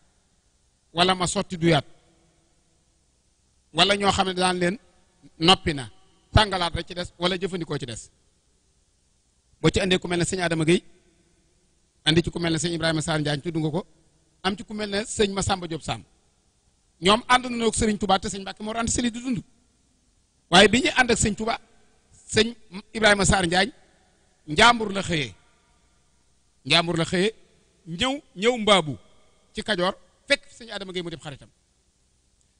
wala ma sotti duyaat walla ñoo xam ne daan leen noppi na tàngalaat rek ci des wala jëfandikoo ci des boo ci andee ku mel ne sëñ Adama Guèye andi ci ku mel ne sëñ Ibrahima Sarr Njaañ tudd nga ko am ci ku mel ne sëñ Massamba Diop Samb ñoom ànd na ak sëñ Mbàkke Mor Anta waaye bi ñuy ànd ak sëñ Touba sëñ Ibrahima Sarr Njaañ njàmbur la xëyee njàmbur la xëyee ñëw ñëw mbaabu ci kajoor fekk sëñ Adama Gueye mu def xaritam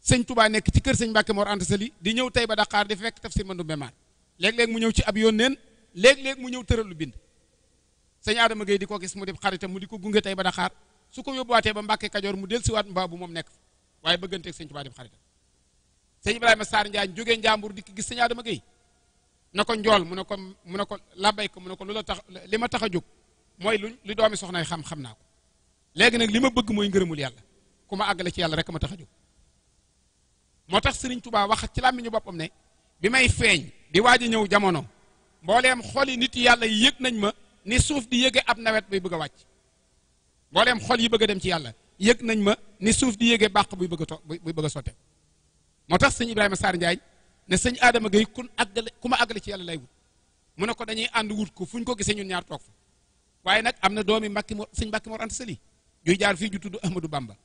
sëñ Touba nekk ci kër sëñ Mbacke moor Anta Sali di ñëw tey ba daqaar di fekk tafsir Mandoumbe Maar léeg-léeg mu ñëw ci ab yónneen léeg-léeg mu ñëw tëral lu bind sëñ Adama Gueye di ko gis mu def xaritam mu di ko gunge tey ba Dakar su ko yóbbuwaatee ba Mbacke Kajoor mu dellusiwaat mbaabu moom nekk waaye bëgganteeg sëñ Touba def xaritam sëñ Ibrahima Sarr Ndiagne jógee Njàmbur dikk gis sëñ Adama Gueye na ko njool mu ne ko mu ne ko labay ko mu ne ko lu la tax li ma tax a jóg mooy lu li doomi soxnaay xam-xam naa ko léegi nag li ma bëgg mooy ngërëmul yàlla ku ma àggale ci yàlla rek ma tax a jóg moo tax sëriñ Tuubaa wax ci làmmiñu boppam ne bi may feeñ di waaj a ñëw jamono mbooleem xol yi nit yàlla yi yëg nañ ma ni suuf di yëge ab nawet buy bëgg a wàcc mbooleem xol yi bëgg a dem ci yàlla yëg nañ ma ni suuf di yëge bàq buy bëgg a to buy bëgg a sotte moo tax sëñ Ibrahima Sarr Ndiaye ne sëñ Adama Gueye kun àggale ku ma àggale ci yàlla lay wut mu ne ko dañuy ànd wut ko fu ñu ko gisee ñun ñaar toog fa waaye nag am na doomi mbakki mo suñ mbakki mor anta sali juy jaar fii ju tudd Ahmadou Bamba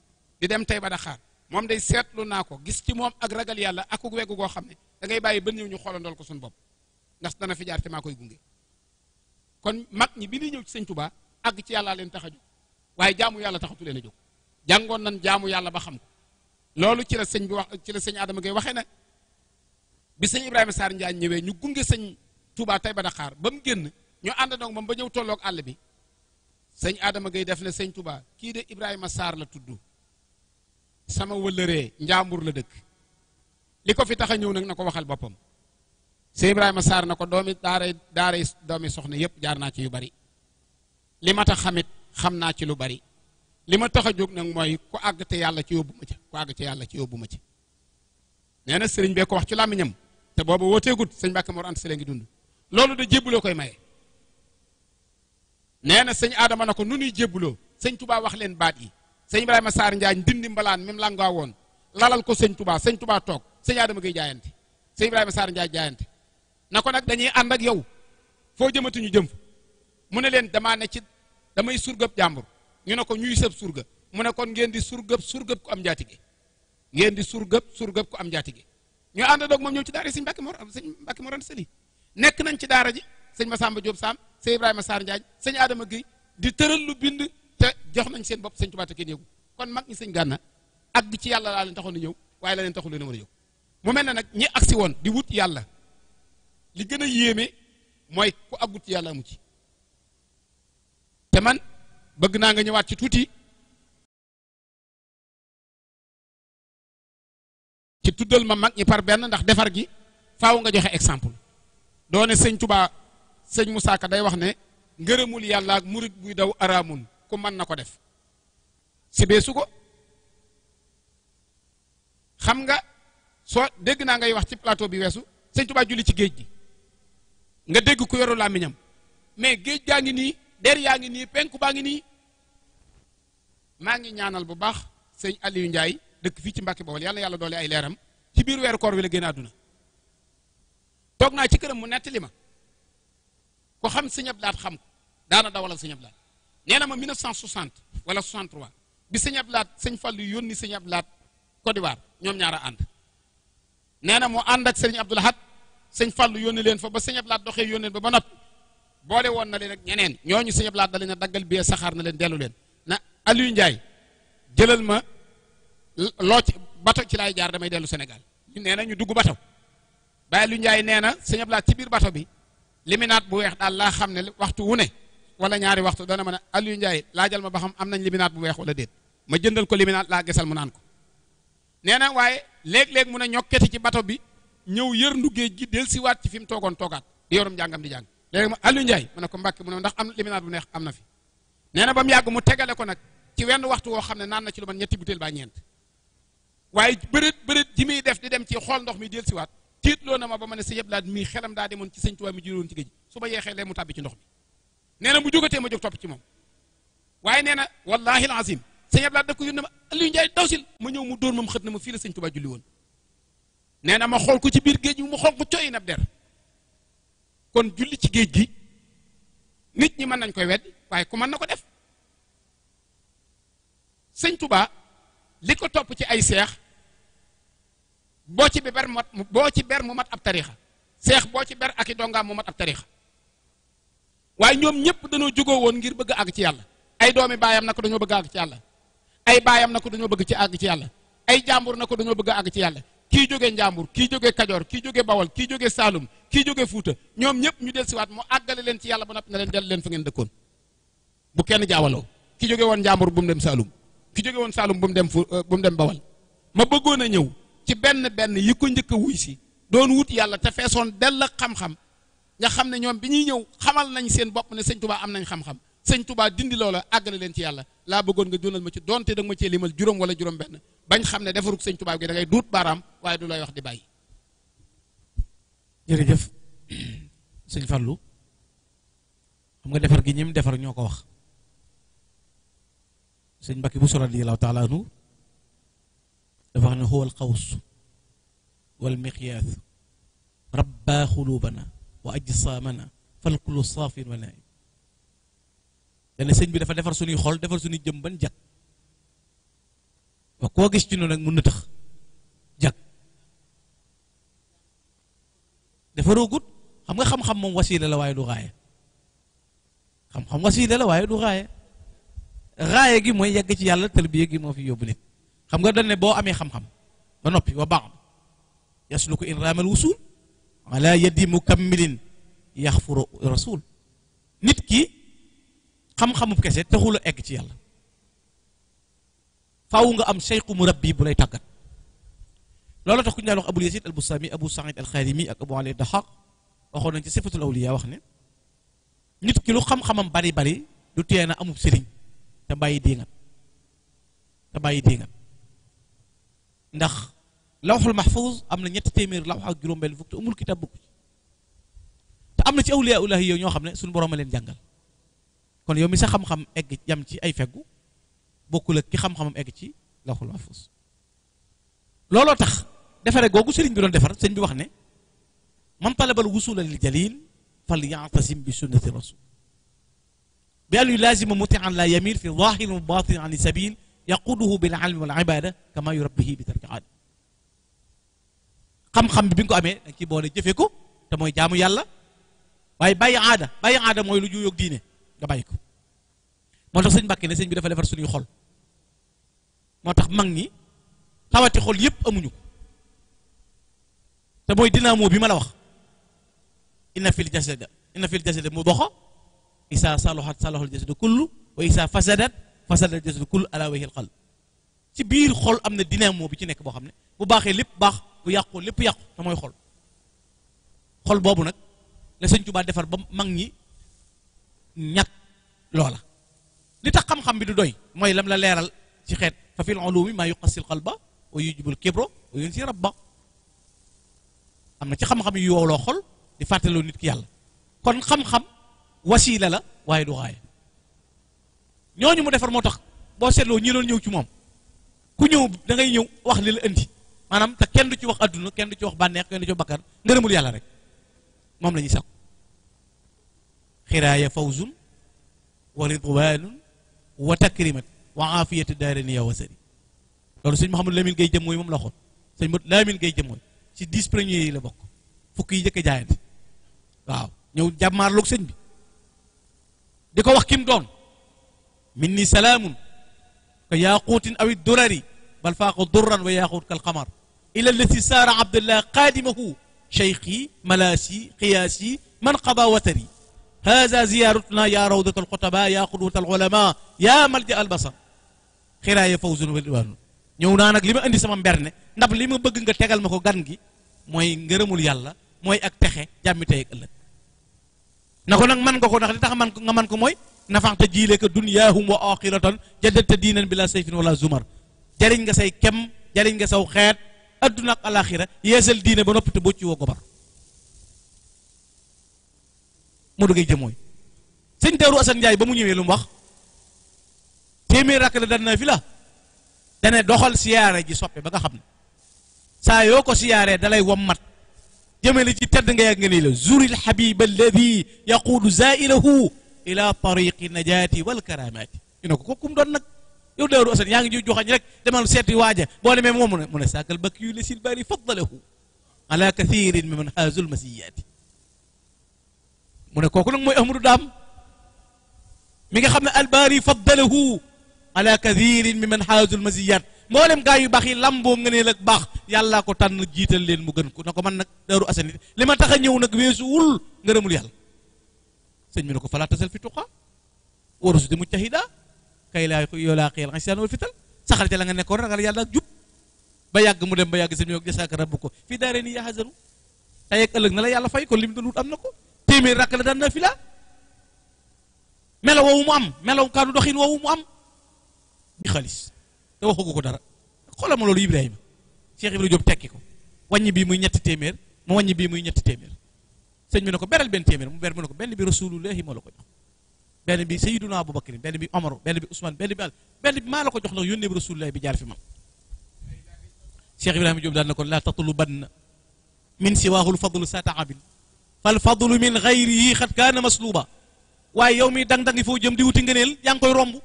di dem tey ba Dakar moom day seetlu naa ko gis ci moom ak ragal yàlla akuk ku goo xam ne dangay bàyyi ba ñëw ñu xoolandool ko suñu bopp ndax dana fi jaar te maa koy gunge kon mag ñi bi ñuy ñëw ci sëñ Tuubaa àgg ci yàllaa leen tax a jóg waaye jaamu yàlla taxatu leen a jóg jàngoon nan jaamu yàlla ba xam ko loolu ci la sëñ bi wax ci la sëñ Adama Gueye waxee na bi sëñ Ibrahima Sarr Ndiagne ñëwee ñu gunge sëñ Tuubaa tey ba Dakar ba mu génn ñu àndandoog moom ba ñëw tollook àll bi sëñ Adama Gueye def na sëñ Touba kii de Ibrahima saar la tudd sama wëllëree njàmbur la dëkk li ko fi tax a ñëw nag na ko waxal boppam sëñ Ibrahima Sarr na ko doomi daaray daaray doomi soxna yépp jaar naa ci yu bari li ma tax xamit xam naa ci lu bari li ma tax a jóg nag mooy ku àgg te yàlla ci yóbbu ma ci ku àgg yàlla ci yóbbu ma ci nee na sëriñ bee ko wax ci làmmiñam te booba wooteegut sëñ Mbàkke Mor Anta Sali ngi dund loolu de jébbaloo koy maye nee na sëñ Adama na ko nu nuy jébbuloo sëñ tubaa wax leen baat yi sëñ Ibrahima Sarr Njaañ dindi mbalaan même la woon lalal ko sëñ tubaa sëñ tubaa toog sëñ Adama ngay jaayante sëñ Ibrahima saar Njaañ jaayante na ko nag dañuy ànd ak yow foo jëmatuñu jëm mu ne leen damaa ne ci damay surgab jàmbur ñu ne ko ñuy sëb surga mu ne kon ngeen di surgab surgab ku am njaatige ngeen di surgab surgab ku am njaatige ñu ànd doog moom ñëw ci daara sëñ Mbàkke Mor sëñ Mbàkke Mor Anta Sali nekk nañ ci daara ji sëñ Massamba Diop Sam sëñ Ibrahima saar Ndiagne sëñ aadama Guèye di tëral lu bind te jox nañ seen bopp sëñ Tuubaa te kenn yëgu kon mag ñi sëñ Gànna àgg ci yàlla laa leen taxoon na ñëw waaye la leen taxul leen a mën ñëw mu mel ne nag ñi agsi woon di wut yàlla li gën a yéeme mooy ku àggut yàlla amu ci te man bëgg naa nga ñëwaat ci tuuti ci tuddal ma mag ñi par benn ndax defar gi faaw nga joxe exemple doone sëñ Tuubaa sëñ mu saaka day wax ne ngërëmul yàlla ak murit buy daw araamun ku man na ko def si su ko xam nga soo dégg naa ngay wax ci plateau bi weesu sëñ Tuubaa julli ci géej gi nga dégg ku yoru làmmiñam mais géej gaa ngi nii der yaa ngi nii penku baa ngi nii maa ngi ñaanal bu baax sëñ Aliou njaay dëkk fii ci Mbàkke Bawol yàlla yàlla doole ay leeram ci biir weeru koor wi la génn àdduna toog naa ci këram mu nettali ma ko xam sëñ Abdou xam ko daana dawalal sëñ Abdou Lahad nee na ma 1960 wala 63 bi sëñ Abdou Lahad sëñ Fallou yónni sëñ Abdou Lahad Côte d'Ivoire ñoom ñaar a ànd nee na moo ànd ak sëñ Abdou Lahad sëñ Fallou yónni leen fa ba sëñ Abdou Lahad doxee yónni ba ba boole woon na leen ak ñeneen ñooñu sëñ Abdou Lahad da leen a daggal bee saxaar na leen dellu leen na Aliou Ndiaye jëlal ma loo ci bato ci laay jaar damay dellu Sénégal nee na ñu dugg bato Baye Aliou Ndiaye nee na sëñ Abdou ci biir bato bi. liminat bu wex dal la xamne waxtu wu ne wala ñaari waxtu dana mën a Aliou Ndiaye laajal ma ba xam am nañ liminaat bu wex wala déet ma jëndal ko liminat la gessal mu nan ko neena waye leg leg mu mun ñokketi ci bato bi ñëw yër geej ji del ci wat ci fim togon togat di yorum jàngam di jàng leg ma Aliou Ndiaye mu ne ko mbàkke mu ne ndax am liminat bu neex am na fi neena bam yag mu tegale ko nak ci wenn waxtu wo xamne nan na ci lu man ñetti butel ba ñent waye bërët bërët jimi def di dem ci xol ndox mi del ci wat tiitloo na ma ba ma ne sa yëpp laat mii xelam daa demoon ci sëñ Tuubaa mi juróon ci géej su ba yeexee lay mu tàbbi ci ndox bi nee na bu jógatee ma jóg topp ci moom waaye nee na wallahi alazim sëñ Ablaat da ko yónnee ma Aliou Ndiaye dawsil ma ñëw mu dóor moom xët na ma fii la sëñ Tuubaa julli woon nee na ma xool ko ci biir géej mu xool ko coy nab der kon julli ci géej gi nit ñi mën nañ koy wedd waaye ku mën na ko def sëñ Tuubaa li ko topp ci ay seex boo ci bi ber mu mat boo ci ber mu mat ab tarixa seex boo ci ber ak i dongaam mu mat ab tarixa waaye ñoom ñëpp dañoo jugoo woon ngir bëgg àgg ci yàlla ay doomi baayam na ko dañoo bëgg àgg ci yàlla ay baayam na ko dañoo bëgg ci àgg ci yàlla ay jàmbur na ko dañoo bëgg àgg ci yàlla kii jógee njàmbur kii jóge kajoor kii jóge bawal kii jóge saalum kii jóge fuuta ñoom ñëpp ñu del siwaat mu àggale leen ci yàlla ba noppi na leen del leen fa ngeen dëkkoon bu kenn jaawaloo kii jóge woon njàmbur bu mu dem saalum ki jóge woon saalum bu mu dem fu bu dem bawal ma bëggoon a ñëw ci benn benn yi ko njëkk a wuy si doon wut yàlla te feesoon dell ak xam-xam nga xam ne ñoom bi ñuy ñëw xamal nañ seen bopp ne sëñ tubaa am nañ xam-xam sëñ tubaa dindi loola àggale leen ci yàlla laa bëggoon nga dundal ma ci donte da nga ma cee limal juróom juróom benn bañ xam ne defarug sëñ gi da ngay duut baaraam waaye du lay wax di bàyyi jërëjëf sëñ Fallou xam nga defar gi ñim defar ñoo ko wax sëñ Mbacke bu radiyallahu taala anhu عنه هو القوس والمقياس ربى قلوبنا واجسامنا فالكل صافي ونائم لان سيغ بي دا ديفر سوني خول ديفر سوني جيم بان جاك وكو غيس تي نو نك مون تخ جاك ديفرو غوت خمغا خم خم موم وسيله لا وايي دو غايه خم خم وسيله لا وايي دو غايه غايه غي موي يغ تي يالا تربيه غي مو في يوبليت xam nga dañ ne boo amee xam-xam ba noppi wa baad yasluku in ramal wusul ala yadi mukammilin yaxfuru rasul nit ki xam-xamub kese taxul a egg ci yàlla faaw nga am seyqu murabbi bu lay tàggat loolu tax ku ñu daan wax abul yasid al busami abu saïd al xaarimi ak abu alay dahaq waxoon nañ ci sifatul awliya wax ne nit ki lu xam-xamam bari bari du tee na amub sëriñ te bàyyi diingat te bàyyi diingat ndax lawhul mahfuz amna ñet témir lawha ak juróom bel fuk te umul kitab bokk te amna ci awliya allah yo ño xamne suñu borom leen jàngal kon yow mi sa xam-xam egg jam ci ay feggu bokkul ak ki xam-xamam egg ci lawhul mahfuz lolo tax defare gogu serigne bi doon defar serigne bi wax ne man talabal wusul lil jalil fal ya'tasim bi sunnati rasul bi an yulazima muti'an la yamir fi dhahir wa batin an sabil يقوده بالعلم والعباده كما يربيه بترك عاد كم كم بي بينكو امي كي بولي جيفيكو تا موي جامو يالا باي باي عاده باي عاده موي لو جويوك دينه دا بايكو موتاخ سيني باكي ني سيني بي دا فا ليفر سوني خول موتاخ ماغني تاواتي خول ييب امونوكو تا ان في الجسد ان في الجسد مضخه اذا صلحت صلح الجسد كله واذا فسدت fasal jasadu kul ala wajhil qalb ci biir xol am na dynamo bi ci nekk boo xam ne bu baaxee lépp baax bu yàqoo lépp yàqu te mooy xol xol boobu nag la sëñ Tuubaa defar ba mag ñi ñàkk loola li tax xam-xam bi du doy mooy lam la leeral ci xeet fa fil ulumi maa yuqasil qalba wa yujibul kibro wa yunsi rabba am na ci xam-xam yu yooloo xol di fàttaloo nit ki yàlla kon xam-xam wasiila la waaye du xaaya ñooñu mu defar moo tax boo seetloo ñi doon ñëw ci moom ku ñëw da ngay ñëw wax li la indi maanaam te kenn du ci wax adduna kenn du ci wax bànneex kenn du ci wax bakkar ngërëmul yàlla rek moom la ñuy sàkku xiraaya fawzun wa ridwanun wa takrimat wa aafiyatu daaraniya wa sari loolu sëñ Mouhamadou Lamine gay jëm mooy moom la xoon sëñ Mouhamadou Lamine Gueye jëm mooy ci dix premiers yi la bokk fukk yi jëkk jaayante waaw ñëw jàmmaarloog sëñ bi di ko wax kim doon مني سلام كياقوت او الدرر بل فاق ضرا وياقوت كالقمر الى التي سار عبد الله قادمه شيخي ملاسي قياسي من قضى وتري هذا زيارتنا يا روضة القطباء يا قدوة العلماء يا ملجأ البصر خيرا يا فوز والوان نيونا نك لما اندي سمان برني نب لما بغي نغا تيغال مكو غانغي موي غرمول يالا موي اك تخي جامي تيك الله نكو نك مان غوكو نك تاخ مان مان كو موي نفعت جيلك هم وآخرتهم جدت دينا بلا سيف ولا زمر جارين سي كم جارين ساو خير أدنى الآخرة يزل دين بنوب تبوتي وقبر مدوك جموي سنت رؤسا جاي بمني ميلم بخ تيمي راكلا دانا فيلا دانا دخل سيارة جي سوبي بقى خبن سايوكو سيارة دالاي ومات جميل جي تردنغي يغنيلو زوري الحبيب الذي يقول زائله الى طريق النجاه والكرامات انك كوكوم دون نك يو دارو اسن ياغي جو جوخاني رك دمال سيتي واجا بولي مي مومو مون ساكل بكيو لسيل بالي فضله على كثير من هاز المسيات مون كوكو نك موي امرو دام ميغا خامنا الباري فضله على كثير من هاز المزيات مولم غايو باخي لامبو غني لك باخ يالا كو تان جيتال لين مو غن كو نكو مان نك دارو اسن لما تاخا نيو نك ويسو غرمول يالا sen mi ne ko fala tasal fi tuqa warus di mujtahida kay laa yulaaqi al isyaan wal fitan saxal ca la nga nekkoon ragal yalla ak ba yag mu dem ba yag sëñ mi ak jasaaka rabbu ko fii daare nii yahazaru tey ak ëllëg na la yàlla fay ko lim doon am nako ko téeméer rakk la daan na fi la melaw woowu mu am melo kaanu doxin woowu mu am bi khalis ko dara xoolal ma ibrahim Cheikh ibrahim tekki ko muy ñett témèr mo muy ñett témèr sëñ bi ne ko beral benn téeméer mu ber mu ne ko benn bi rasulullahi moo la ko jox benn bi sayyiduna abubakar benn bi omar benn bi ousmane benn bi al benn bi maa la ko jox ndax yónnee bi rasulullahi bi jaar fi man cheikh ibrahima Diop daal na ko laa tatlubanna min siwaahul fadlu sa taabin fal fadlu min xayrihi xat kaana masluuba waaye yow mi dang dangi foo jëm di wuti ngëneel yaa ngi koy romb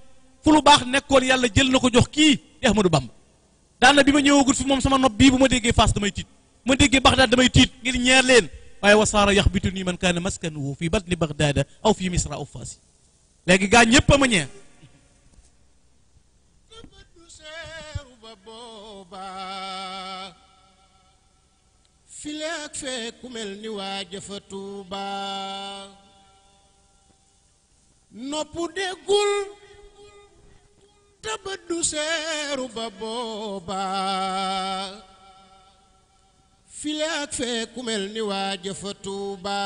fu lu baax nekkoon yàlla jël na ko jox kii di ahmadou bamba daana bi ma ñëwagut fi moom sama nopp bii bu ma déggee faas damay tiit ma déggee baxdaad damay tiit ngir ñeer leen waaye wasaara yaxbitu nii man kaana maskanuhu fi batni bagdaada aw fi misra aw léegi gaa ñépp a ma ñeer seeru ba booba file ak fee ku mel ni waa jëfa Tuuba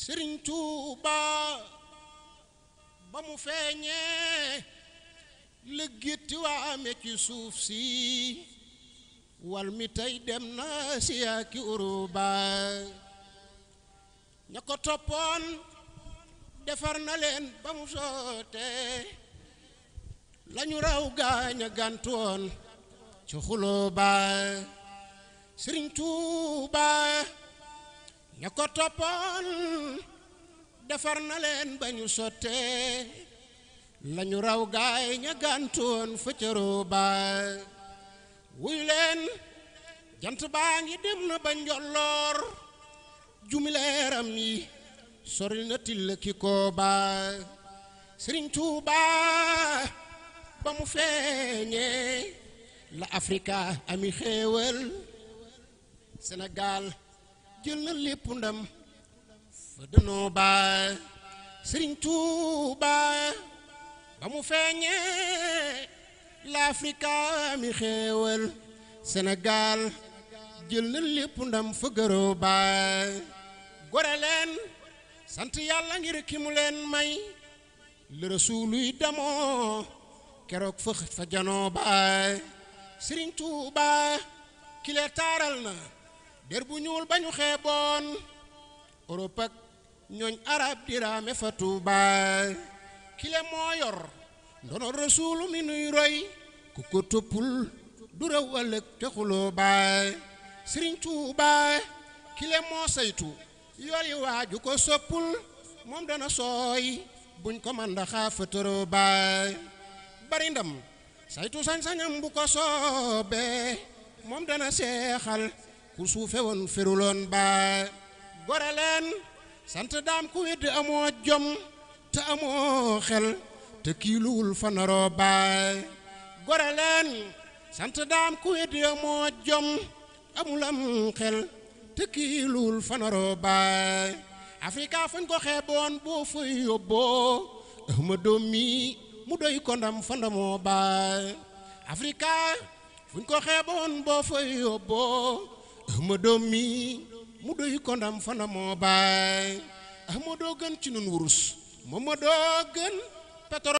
Sëriñ Tuuba ba mu feeñee la waa amee ci suuf si wal mi tey dem na siyaa ki uruba ña ko toppoon defar na leen ba mu sootee lañu raw gaaña gàntoon ci xulóoba sëriñ tuuba ña ko toppoon defar na leen ba ñu sottee lañu raw gaay ña gàntoon fa cëróoba wuy leen jant baa ngi dem na ba njolloor jumileeram yi sori na till ki kooba sëriñ tuuba ba mu feeñee la Afrika ami xéewal Sénégal jël na lépp ndam fa dënoo baay Sëriñ Tuuba ba mu feeñee la Afrika ami xéewal Sénégal jël na lépp ndam fa baay gore leen sant yàlla ngir ki mu leen may le rasuuluy damoo keroog fa fa baay sëriñ tuuba kile taaral na der bu ñuul ba ñu xeeboon Europe ak ñooñ arab di raame fa tuuba kile moo yor ndono rasuulu mi nuy roy ku ko toppul du raw ëllëg te xuloo baay sëriñ tuuba kile moo saytu yool yi waaju ko soppul moom dana sooy buñ ko man da xaafatëroo baay bari ndam saytu sañ-sañam bu ko soobee moom dana seexal ku suufe woon féruloon ba gore leen sant daam ku wedd amoo jom te amoo xel te kiiluwul fa naroo baay gore sant daam ku wedd amoo jom amul am xel te kiiluwul fa baay Afrika fuñ ko xeeboon boo fa yóbboo ahmadoo mi mu doy ko ndam fa ndamoo baay Afrika fuñ ko xeeboon boo fa yóbboo doom mi mu doy ko ndam fa ndamoo baay Ahmadou gën ci nun wurus Mamadou gën pétrole